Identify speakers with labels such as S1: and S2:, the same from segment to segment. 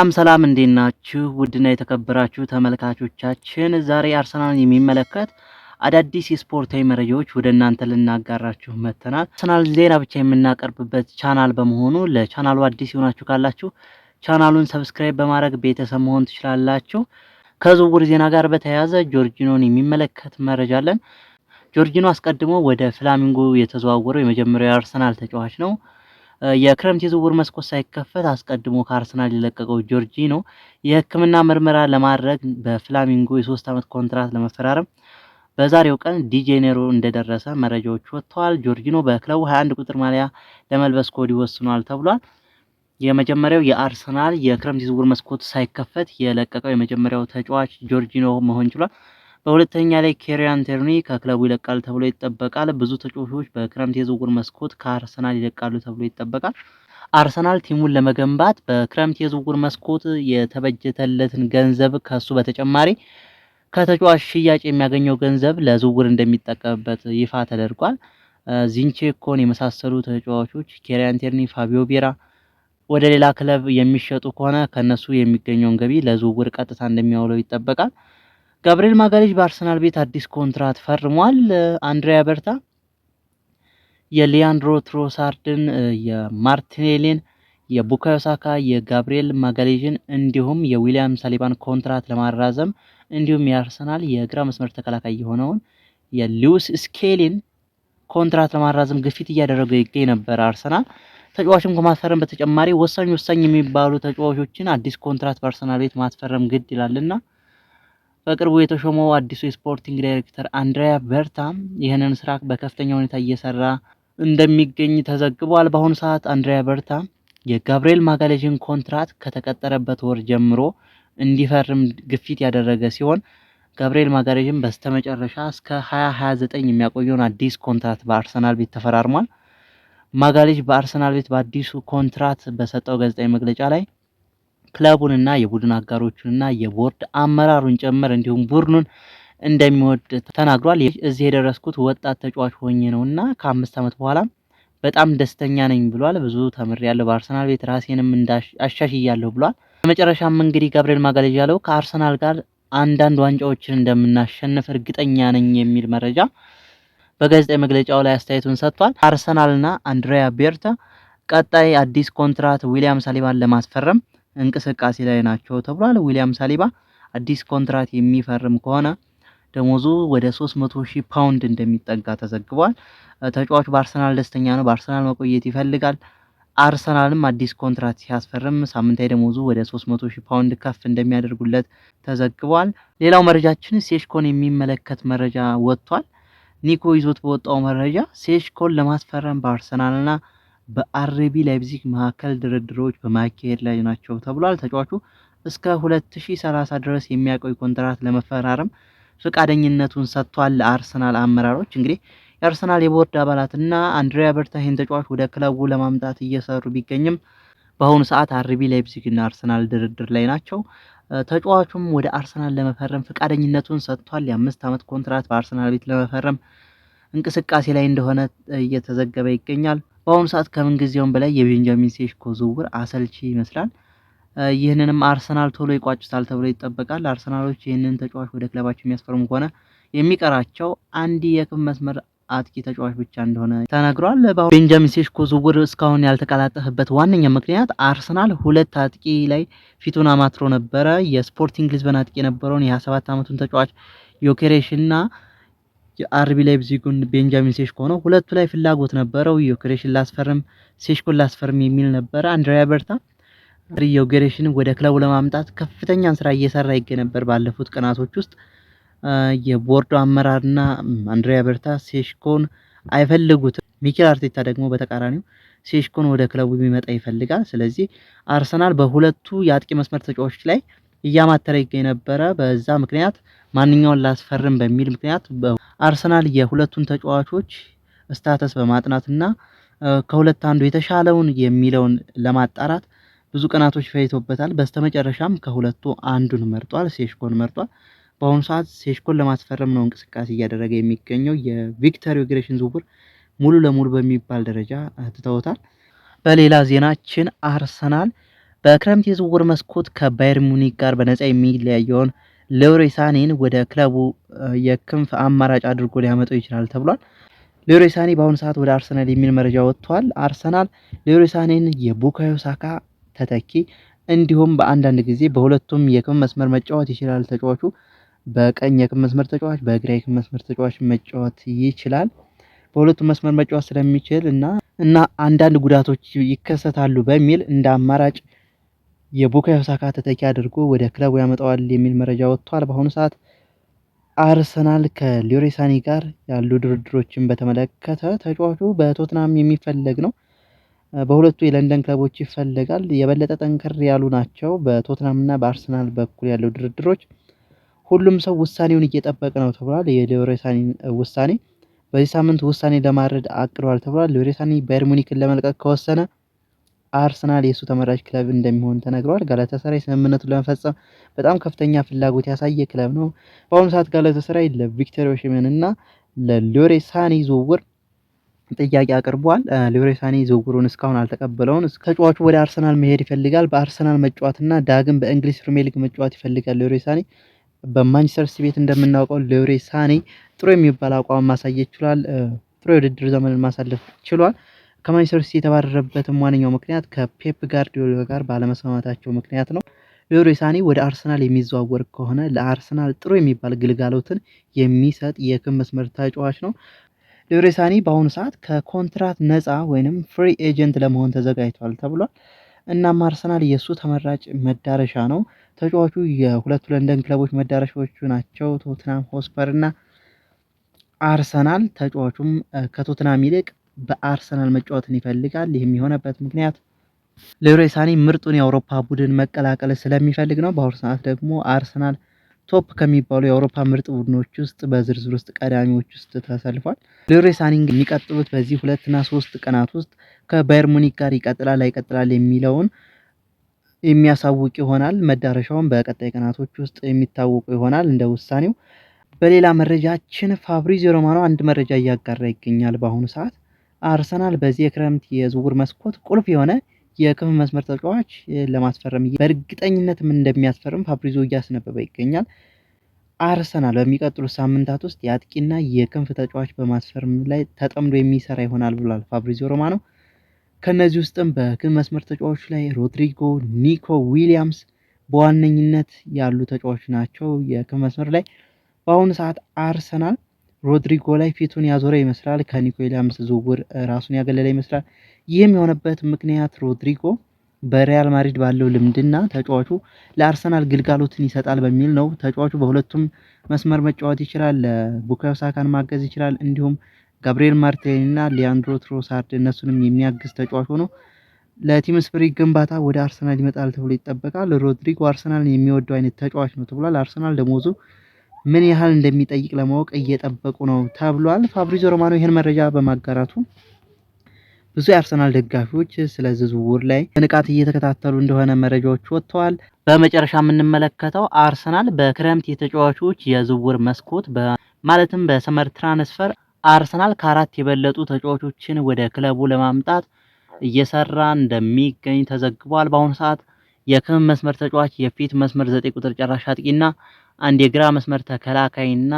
S1: ሰላም ሰላም እንዴት ናችሁ? ውድና የተከበራችሁ ተመልካቾቻችን ዛሬ አርሰናልን የሚመለከት አዳዲስ የስፖርታዊ መረጃዎች ወደ እናንተ ልናጋራችሁ መጥተናል። አርሰናል ዜና ብቻ የምናቀርብበት ቻናል በመሆኑ ለቻናሉ አዲስ የሆናችሁ ካላችሁ ቻናሉን ሰብስክራይብ በማድረግ ቤተሰብ መሆን ትችላላችሁ። ከዝውውር ዜና ጋር በተያያዘ ጆርጂኖን የሚመለከት መረጃ አለን። ጆርጂኖ አስቀድሞ ወደ ፍላሚንጎ የተዘዋወረው የመጀመሪያው የአርሰናል ተጫዋች ነው። የክረምት የዝውውር መስኮት ሳይከፈት አስቀድሞ ከአርሰናል የለቀቀው ጆርጂኖ የሕክምና ምርመራ ለማድረግ በፍላሚንጎ የሶስት ዓመት ኮንትራት ለመፈራረም በዛሬው ቀን ዲጄኔሮ እንደደረሰ መረጃዎች ወጥተዋል። ጆርጂኖ በክለቡ 21 ቁጥር ማሊያ ለመልበስ ኮድ ወስኗል ተብሏል። የመጀመሪያው የአርሰናል የክረምት የዝውውር መስኮት ሳይከፈት የለቀቀው የመጀመሪያው ተጫዋች ጆርጂኖ መሆን ችሏል። በሁለተኛ ላይ ኬሪያን ቴርኒ ከክለቡ ይለቃል ተብሎ ይጠበቃል። ብዙ ተጫዋቾች በክረምት የዝውውር መስኮት ከአርሰናል ይለቃሉ ተብሎ ይጠበቃል። አርሰናል ቲሙን ለመገንባት በክረምት የዝውውር መስኮት የተበጀተለትን ገንዘብ ከሱ በተጨማሪ ከተጫዋች ሽያጭ የሚያገኘው ገንዘብ ለዝውውር እንደሚጠቀምበት ይፋ ተደርጓል። ዚንቼኮን የመሳሰሉ ተጫዋቾች ኬሪያን ቴርኒ፣ ፋቢዮ ቤራ ወደ ሌላ ክለብ የሚሸጡ ከሆነ ከነሱ የሚገኘውን ገቢ ለዝውውር ቀጥታ እንደሚያውለው ይጠበቃል። ጋብሪኤል ማጋሌጅ በአርሰናል ቤት አዲስ ኮንትራት ፈርሟል። አንድሪያ በርታ የሊያንድሮ ትሮሳርድን፣ የማርቲኔሊን፣ የቡካዮሳካ፣ የጋብሪኤል ማጋሌጅን እንዲሁም የዊሊያም ሳሊባን ኮንትራት ለማራዘም እንዲሁም የአርሰናል የግራ መስመር ተከላካይ የሆነውን የሊዩስ ስኬሊን ኮንትራት ለማራዘም ግፊት እያደረገ ይገኝ ነበር አርሰናል። ተጫዋችም ከማስፈረም በተጨማሪ ወሳኝ ወሳኝ የሚባሉ ተጫዋቾችን አዲስ ኮንትራት በአርሰናል ቤት ማስፈረም ግድ ይላልና በቅርቡ የተሾመው አዲሱ የስፖርቲንግ ዳይሬክተር አንድሪያ በርታ ይህንን ስራ በከፍተኛ ሁኔታ እየሰራ እንደሚገኝ ተዘግቧል። በአሁኑ ሰዓት አንድሪያ በርታ የጋብርኤል ማጋሌዥን ኮንትራት ከተቀጠረበት ወር ጀምሮ እንዲፈርም ግፊት ያደረገ ሲሆን ጋብርኤል ማጋሌዥን በስተመጨረሻ እስከ 2029 የሚያቆየውን አዲስ ኮንትራት በአርሰናል ቤት ተፈራርሟል። ማጋሌዥ በአርሰናል ቤት በአዲሱ ኮንትራት በሰጠው ጋዜጣዊ መግለጫ ላይ ክለቡንና የቡድን አጋሮቹንና የቦርድ አመራሩን ጭምር እንዲሁም ቡድኑን እንደሚወድ ተናግሯል። እዚህ የደረስኩት ወጣት ተጫዋች ሆኜ ነው እና ከአምስት ዓመት በኋላ በጣም ደስተኛ ነኝ ብሏል። ብዙ ተምሬያለሁ፣ በአርሰናል ቤት ራሴንም አሻሽያለሁ ብሏል። በመጨረሻም እንግዲህ ገብርኤል ማጋሌዥ ያለው ከአርሰናል ጋር አንዳንድ ዋንጫዎችን እንደምናሸንፍ እርግጠኛ ነኝ የሚል መረጃ በጋዜጣዊ መግለጫው ላይ አስተያየቱን ሰጥቷል። አርሰናልና አንድሪያ ቤርታ ቀጣይ አዲስ ኮንትራት ዊሊያም ሳሊባን ለማስፈረም እንቅስቃሴ ላይ ናቸው ተብሏል። ዊሊያም ሳሊባ አዲስ ኮንትራት የሚፈርም ከሆነ ደሞዙ ወደ 300 ሺህ ፓውንድ እንደሚጠጋ ተዘግቧል። ተጫዋቹ በአርሰናል ደስተኛ ነው። በአርሰናል መቆየት ይፈልጋል። አርሰናልም አዲስ ኮንትራት ሲያስፈርም ሳምንታዊ ደሞዙ ወደ 300 ሺህ ፓውንድ ከፍ እንደሚያደርጉለት ተዘግቧል። ሌላው መረጃችን ሴሽኮን የሚመለከት መረጃ ወጥቷል። ኒኮ ይዞት በወጣው መረጃ ሴሽኮን ለማስፈረም በአርሰናልና በአርቢ ላይፕዚግ መካከል ድርድሮች በማካሄድ ላይ ናቸው ተብሏል። ተጫዋቹ እስከ 2030 ድረስ የሚያቆይ ኮንትራት ለመፈራረም ፈቃደኝነቱን ሰጥቷል። ለአርሰናል አመራሮች እንግዲህ የአርሰናል የቦርድ አባላትና አንድሪያ በርታ ይህን ተጫዋች ወደ ክለቡ ለማምጣት እየሰሩ ቢገኝም በአሁኑ ሰዓት አርቢ ላይፕዚግና አርሰናል ድርድር ላይ ናቸው። ተጫዋቹም ወደ አርሰናል ለመፈረም ፈቃደኝነቱን ሰጥቷል። የአምስት ዓመት ኮንትራት በአርሰናል ቤት ለመፈረም እንቅስቃሴ ላይ እንደሆነ እየተዘገበ ይገኛል። በአሁኑ ሰዓት ከምንጊዜውም በላይ የቤንጃሚን ሴሽኮ ዝውውር አሰልቺ ይመስላል። ይህንንም አርሰናል ቶሎ ይቋጭታል ተብሎ ይጠበቃል። አርሰናሎች ይህንን ተጫዋች ወደ ክለባቸው የሚያስፈርሙ ከሆነ የሚቀራቸው አንድ የክፍ መስመር አጥቂ ተጫዋች ብቻ እንደሆነ ተነግሯል። ቤንጃሚን ሴሽኮ ዝውውር እስካሁን ያልተቀላጠፈበት ዋነኛ ምክንያት አርሰናል ሁለት አጥቂ ላይ ፊቱን አማትሮ ነበረ። የስፖርቲንግ ሊዝበን አጥቂ የነበረውን የ27 ዓመቱን ተጫዋች ዮኬሬሽ ዮኬሬሽና የአርቢ ላይፕዚጉን ቤንጃሚን ሴሽኮ ነው። ሁለቱ ላይ ፍላጎት ነበረው። ዮኬሬሽን ላስፈርም፣ ሴሽኮን ላስፈርም የሚል ነበረ። አንድሪያ በርታ ዮኬሬሽን ወደ ክለቡ ለማምጣት ከፍተኛን ስራ እየሰራ ይገኝ ነበር። ባለፉት ቀናቶች ውስጥ የቦርዱ አመራርና አንድሪያ በርታ ሴሽኮን አይፈልጉት። ሚኬል አርቴታ ደግሞ በተቃራኒው ሴሽኮን ወደ ክለቡ የሚመጣ ይፈልጋል። ስለዚህ አርሰናል በሁለቱ የአጥቂ መስመር ተጫዋቾች ላይ እያማተረ ይገኝ ነበረ። በዛ ምክንያት ማንኛውን ላስፈርም በሚል ምክንያት በ2024 አርሰናል የሁለቱን ተጫዋቾች ስታተስ በማጥናትና ከሁለት አንዱ የተሻለውን የሚለውን ለማጣራት ብዙ ቀናቶች ፈይቶበታል። በስተመጨረሻም ከሁለቱ አንዱን መርጧል፣ ሴሽኮን መርጧል። በአሁኑ ሰዓት ሴሽኮን ለማስፈረም ነው እንቅስቃሴ እያደረገ የሚገኘው። የቪክተር ዮኬሬስን ዝውውር ሙሉ ለሙሉ በሚባል ደረጃ ትተውታል። በሌላ ዜናችን አርሰናል በክረምት የዝውውር መስኮት ከባየር ሙኒክ ጋር በነፃ የሚለያየውን ሌሮይ ሳኔን ወደ ክለቡ የክንፍ አማራጭ አድርጎ ሊያመጣው ይችላል ተብሏል። ሌሮይ ሳኔ በአሁኑ ሰዓት ወደ አርሰናል የሚል መረጃ ወጥቷል። አርሰናል ሌሮይ ሳኔን የቡካዮ ሳካ ተተኪ እንዲሁም በአንዳንድ ጊዜ በሁለቱም የክንፍ መስመር መጫወት ይችላል ተጫዋቹ በቀኝ የክንፍ መስመር ተጫዋች፣ በግራ የክንፍ መስመር ተጫዋች መጫወት ይችላል። በሁለቱም መስመር መጫወት ስለሚችል እና እና አንዳንድ ጉዳቶች ይከሰታሉ በሚል እንደ አማራጭ የቡካዮ ሳካ ተተኪ አድርጎ ወደ ክለቡ ያመጣዋል የሚል መረጃ ወጥቷል። በአሁኑ ሰዓት አርሰናል ከሊዮሬ ሳኒ ጋር ያሉ ድርድሮችን በተመለከተ ተጫዋቹ በቶትናም የሚፈለግ ነው። በሁለቱ የለንደን ክለቦች ይፈለጋል። የበለጠ ጠንከር ያሉ ናቸው። በቶትናምና በአርሰናል በኩል ያለው ድርድሮች ሁሉም ሰው ውሳኔውን እየጠበቀ ነው ተብሏል። የሊዮሬ ሳኒ ውሳኔ በዚህ ሳምንት ውሳኔ ለማድረግ አቅዷል ተብሏል። ሊዮሬ ሳኒ ባየር ሙኒክን ለመልቀቅ ከወሰነ አርሰናል የእሱ ተመራጭ ክለብ እንደሚሆን ተነግሯል። ጋላተሰራይ ስምምነቱን ለመፈጸም በጣም ከፍተኛ ፍላጎት ያሳየ ክለብ ነው። በአሁኑ ሰዓት ጋላተሰራይ ለቪክተር ኦሽሜን እና ለሎሬ ሳኔ ዝውውር ጥያቄ አቅርቧል። ሎሬ ሳኔ ዝውውሩን እስካሁን አልተቀበለውን። ተጫዋቹ ወደ አርሰናል መሄድ ይፈልጋል። በአርሰናል መጫወትና ዳግም በእንግሊዝ ፕሪሚየር ሊግ መጫወት ይፈልጋል ሎሬ ሳኔ በማንቸስተር ሲቲ ቤት እንደምናውቀው ሎሬ ሳኔ ጥሩ የሚባል አቋም ማሳየት ችሏል። ጥሩ የውድድር ዘመንን ማሳለፍ ችሏል። ከማንቸስተር ሲቲ የተባረረበትም ዋነኛው ምክንያት ከፔፕ ጋርዲዮላ ጋር ባለመስማማታቸው ምክንያት ነው። ሌሮይ ሳኔ ወደ አርሰናል የሚዘዋወር ከሆነ ለአርሰናል ጥሩ የሚባል ግልጋሎትን የሚሰጥ የክም መስመር ተጫዋች ነው። ሌሮይ ሳኔ በአሁኑ ሰዓት ከኮንትራት ነፃ ወይንም ፍሪ ኤጀንት ለመሆን ተዘጋጅቷል ተብሏል። እናም አርሰናል የእሱ ተመራጭ መዳረሻ ነው። ተጫዋቹ የሁለቱ ለንደን ክለቦች መዳረሻዎቹ ናቸው፣ ቶትናም ሆስፐር እና አርሰናል። ተጫዋቹም ከቶትናም ይልቅ በአርሰናል መጫወትን ይፈልጋል። ይህም የሆነበት ምክንያት ሌሮይ ሳኔ ምርጡን የአውሮፓ ቡድን መቀላቀል ስለሚፈልግ ነው። በአሁኑ ሰዓት ደግሞ አርሰናል ቶፕ ከሚባሉ የአውሮፓ ምርጥ ቡድኖች ውስጥ በዝርዝር ውስጥ ቀዳሚዎች ውስጥ ተሰልፏል። ሌሮይ ሳኔ የሚቀጥሉት በዚህ ሁለትና ሶስት ቀናት ውስጥ ከባየር ሙኒክ ጋር ይቀጥላል አይቀጥላል የሚለውን የሚያሳውቅ ይሆናል። መዳረሻውን በቀጣይ ቀናቶች ውስጥ የሚታወቁ ይሆናል እንደ ውሳኔው። በሌላ መረጃችን ፋብሪዚዮ ሮማኖ አንድ መረጃ እያጋራ ይገኛል በአሁኑ ሰዓት አርሰናል በዚህ የክረምት የዝውውር መስኮት ቁልፍ የሆነ የክፍ መስመር ተጫዋች ለማስፈረም በእርግጠኝነትም እንደሚያስፈርም ፋብሪዞ እያስነበበ ይገኛል። አርሰናል በሚቀጥሉት ሳምንታት ውስጥ የአጥቂና የክንፍ ተጫዋች በማስፈረም ላይ ተጠምዶ የሚሰራ ይሆናል ብሏል ፋብሪዞ ሮማኖ። ከእነዚህ ውስጥም በክንፍ መስመር ተጫዋቾች ላይ ሮድሪጎ፣ ኒኮ ዊሊያምስ በዋነኝነት ያሉ ተጫዋቾች ናቸው። የክንፍ መስመር ላይ በአሁኑ ሰዓት አርሰናል ሮድሪጎ ላይ ፊቱን ያዞረ ይመስላል። ከኒኮ ዊሊያምስ ዝውውር ራሱን ያገለለ ይመስላል። ይህም የሆነበት ምክንያት ሮድሪጎ በሪያል ማድሪድ ባለው ልምድና ተጫዋቹ ለአርሰናል ግልጋሎትን ይሰጣል በሚል ነው። ተጫዋቹ በሁለቱም መስመር መጫወት ይችላል። ለቡካዮ ሳካን ማገዝ ይችላል። እንዲሁም ጋብሪኤል ማርቲኔሊ እና ሊያንድሮ ትሮሳርድ እነሱንም የሚያግዝ ተጫዋች ሆኖ ለቲም ስፕሪት ግንባታ ወደ አርሰናል ይመጣል ተብሎ ይጠበቃል። ሮድሪጎ አርሰናልን የሚወደው አይነት ተጫዋች ነው ተብሏል። አርሰናል ደሞዙ ምን ያህል እንደሚጠይቅ ለማወቅ እየጠበቁ ነው ተብሏል። ፋብሪዞ ሮማኖ ይህን መረጃ በማጋራቱ ብዙ የአርሰናል ደጋፊዎች ስለዚህ ዝውውር ላይ በንቃት እየተከታተሉ እንደሆነ መረጃዎች ወጥተዋል። በመጨረሻ የምንመለከተው አርሰናል በክረምት የተጫዋቾች የዝውውር መስኮት ማለትም በሰመር ትራንስፈር አርሰናል ከአራት የበለጡ ተጫዋቾችን ወደ ክለቡ ለማምጣት እየሰራ እንደሚገኝ ተዘግቧል። በአሁኑ ሰዓት የክም መስመር ተጫዋች፣ የፊት መስመር ዘጠኝ ቁጥር ጨራሽ አጥቂና አንድ የግራ መስመር ተከላካይና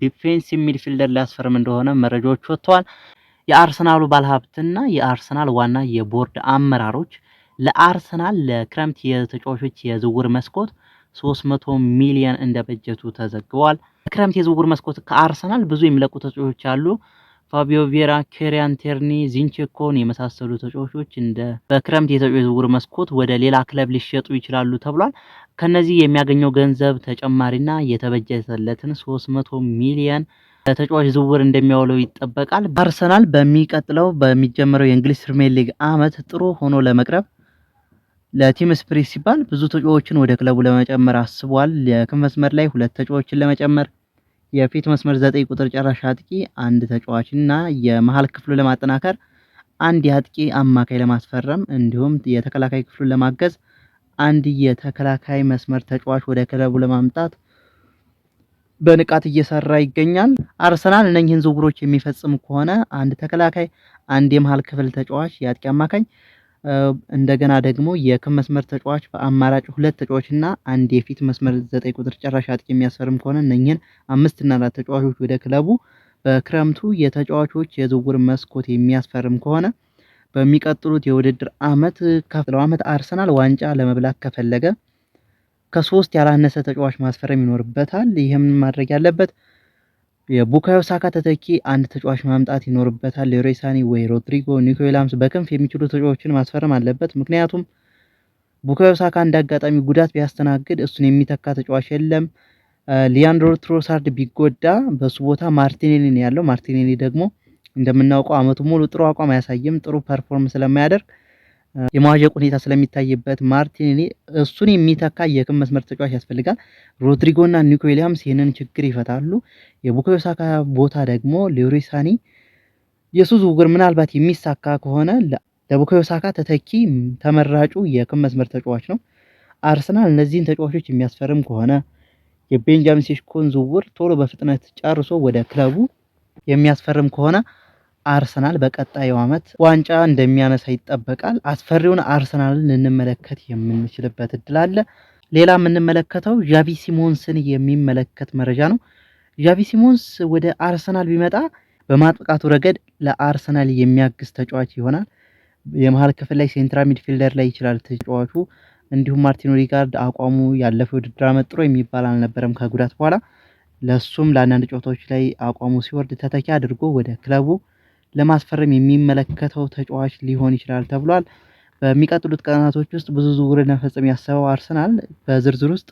S1: ዲፌንስ ሚድፊልደር ሊያስፈርም እንደሆነ መረጃዎች ወጥተዋል። የአርሰናሉ ባለሀብትና የአርሰናል ዋና የቦርድ አመራሮች ለአርሰናል ለክረምት የተጫዋቾች የዝውውር መስኮት 300 ሚሊዮን እንደ በጀቱ ተዘግቧል። ክረምት የዝውውር መስኮት ከአርሰናል ብዙ የሚለቁ ተጫዋቾች አሉ። ፋቢዮ ቬራ፣ ኬሪያን ቴርኒ፣ ዚንቼኮን የመሳሰሉ ተጫዋቾች እንደ በክረምት የተጫዋች ዝውውር መስኮት ወደ ሌላ ክለብ ሊሸጡ ይችላሉ ተብሏል። ከነዚህ የሚያገኘው ገንዘብ ተጨማሪና የተበጀተለትን 300 ሚሊየን ለተጫዋች ዝውውር እንደሚያውለው ይጠበቃል። አርሰናል በሚቀጥለው በሚጀምረው የእንግሊዝ ፕሪሚየር ሊግ አመት ጥሩ ሆኖ ለመቅረብ ለቲም ስፕሪት ሲባል ብዙ ተጫዋቾችን ወደ ክለቡ ለመጨመር አስቧል። የክንፍ መስመር ላይ ሁለት ተጫዋቾችን ለመጨመር የፊት መስመር ዘጠኝ ቁጥር ጨራሽ አጥቂ አንድ ተጫዋች እና የመሀል ክፍሉን ለማጠናከር አንድ የአጥቂ አማካይ ለማስፈረም እንዲሁም የተከላካይ ክፍሉን ለማገዝ አንድ የተከላካይ መስመር ተጫዋች ወደ ክለቡ ለማምጣት በንቃት እየሰራ ይገኛል። አርሰናል እነኝህን ዝውውሮች የሚፈጽም ከሆነ አንድ ተከላካይ፣ አንድ የመሀል ክፍል ተጫዋች፣ የአጥቂ አማካኝ እንደገና ደግሞ የክብ መስመር ተጫዋች በአማራጭ ሁለት ተጫዋች እና አንድ የፊት መስመር ዘጠኝ ቁጥር ጨራሽ አጥቂ የሚያስፈርም ከሆነ እነኚህን አምስት እና አራት ተጫዋቾች ወደ ክለቡ በክረምቱ የተጫዋቾች የዝውውር መስኮት የሚያስፈርም ከሆነ በሚቀጥሉት የውድድር አመት ከፍለው አመት አርሰናል ዋንጫ ለመብላት ከፈለገ ከሶስት ያላነሰ ተጫዋች ማስፈረም ይኖርበታል። ይህም ማድረግ ያለበት የቡካዮ ሳካ ተተኪ አንድ ተጫዋች ማምጣት ይኖርበታል። ሌሮይ ሳኔ ወይ ሮድሪጎ፣ ኒኮ ዊሊያምስ በክንፍ የሚችሉ ተጫዋቾችን ማስፈረም አለበት። ምክንያቱም ቡካዮ ሳካ እንደ አጋጣሚ ጉዳት ቢያስተናግድ እሱን የሚተካ ተጫዋች የለም። ሊያንድሮ ትሮሳርድ ቢጎዳ በሱ ቦታ ማርቲኔሊ ነው ያለው። ማርቲኔሊ ደግሞ እንደምናውቀው አመቱ ሙሉ ጥሩ አቋም አያሳይም። ጥሩ ፐርፎርም ስለማያደርግ የመዋዠቅ ሁኔታ ስለሚታይበት ማርቲኔሊ እሱን የሚተካ የክም መስመር ተጫዋች ያስፈልጋል። ሮድሪጎና ኒኮ ዊሊያምስ ይህንን ችግር ይፈታሉ። የቡካዮ ሳካ ቦታ ደግሞ ሌሮይ ሳኔ የሱ ዝውውር ምናልባት የሚሳካ ከሆነ ለቡካዮ ሳካ ተተኪ ተመራጩ የክም መስመር ተጫዋች ነው። አርሰናል እነዚህን ተጫዋቾች የሚያስፈርም ከሆነ የቤንጃሚን ሴሽኮን ዝውውር ቶሎ በፍጥነት ጨርሶ ወደ ክለቡ የሚያስፈርም ከሆነ አርሰናል በቀጣዩ ዓመት ዋንጫ እንደሚያነሳ ይጠበቃል። አስፈሪውን አርሰናልን ልንመለከት የምንችልበት እድል አለ። ሌላ የምንመለከተው ዣቪ ሲሞንስን የሚመለከት መረጃ ነው። ዣቪ ሲሞንስ ወደ አርሰናል ቢመጣ በማጥቃቱ ረገድ ለአርሰናል የሚያግዝ ተጫዋች ይሆናል። የመሀል ክፍል ላይ ሴንትራል ሚድፊልደር ላይ ይችላል ተጫዋቹ። እንዲሁም ማርቲን ኦዴጋርድ አቋሙ ያለፈው ውድድር ዓመት ጥሩ የሚባል አልነበረም ከጉዳት በኋላ ለእሱም ለአንዳንድ ጨዋታዎች ላይ አቋሙ ሲወርድ ተተኪ አድርጎ ወደ ክለቡ ለማስፈረም የሚመለከተው ተጫዋች ሊሆን ይችላል ተብሏል። በሚቀጥሉት ቀናቶች ውስጥ ብዙ ዝውውርን ለመፈጸም ያሰበው አርሰናል በዝርዝር ውስጥ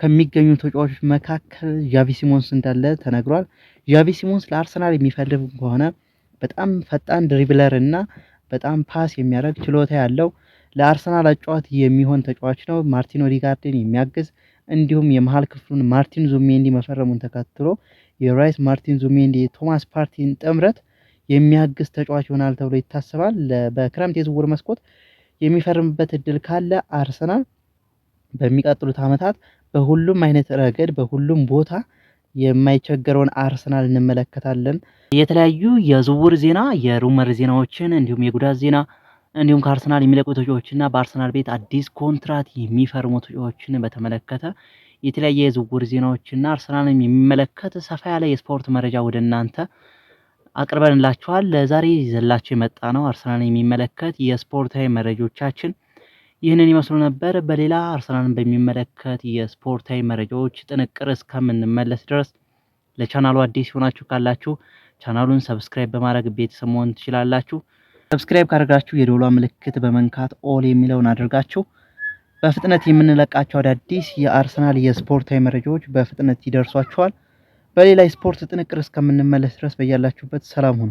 S1: ከሚገኙ ተጫዋቾች መካከል ዣቪ ሲሞንስ እንዳለ ተነግሯል። ዣቪ ሲሞንስ ለአርሰናል የሚፈልግ ከሆነ በጣም ፈጣን ድሪብለር እና በጣም ፓስ የሚያደርግ ችሎታ ያለው ለአርሰናል አጫዋት የሚሆን ተጫዋች ነው። ማርቲን ኦዲጋርድን የሚያግዝ እንዲሁም የመሀል ክፍሉን ማርቲን ዙሜንዲ መፈረሙን ተከትሎ የራይስ ማርቲን ዙሜንዲ የቶማስ ፓርቲን ጥምረት የሚያግዝ ተጫዋች ይሆናል ተብሎ ይታሰባል። በክረምት የዝውውር መስኮት የሚፈርምበት እድል ካለ አርሰናል በሚቀጥሉት ዓመታት በሁሉም አይነት ረገድ በሁሉም ቦታ የማይቸገረውን አርሰናል እንመለከታለን። የተለያዩ የዝውውር ዜና፣ የሩመር ዜናዎችን እንዲሁም የጉዳት ዜና እንዲሁም ከአርሰናል የሚለቁ ተጫዋቾችና በአርሰናል ቤት አዲስ ኮንትራት የሚፈርሙ ተጫዋቾችን በተመለከተ የተለያየ የዝውውር ዜናዎችና አርሰናልም የሚመለከት ሰፋ ያለ የስፖርት መረጃ ወደ እናንተ አቅርበንላችኋል። ለዛሬ ይዘላችሁ የመጣ ነው አርሰናል የሚመለከት የስፖርታዊ መረጃዎቻችን ይህንን ይመስሉ ነበር። በሌላ አርሰናልን በሚመለከት የስፖርታዊ መረጃዎች ጥንቅር እስከምንመለስ ድረስ ለቻናሉ አዲስ ሆናችሁ ካላችሁ ቻናሉን ሰብስክራይብ በማድረግ ቤተሰብ መሆን ትችላላችሁ። ሰብስክራይብ ካደረጋችሁ የዶሏ ምልክት በመንካት ኦል የሚለውን አድርጋችሁ በፍጥነት የምንለቃቸው አዳዲስ የአርሰናል የስፖርታዊ መረጃዎች በፍጥነት ይደርሷችኋል። በሌላ የስፖርት ጥንቅር እስከምንመለስ ድረስ በያላችሁበት ሰላም ሁኑ።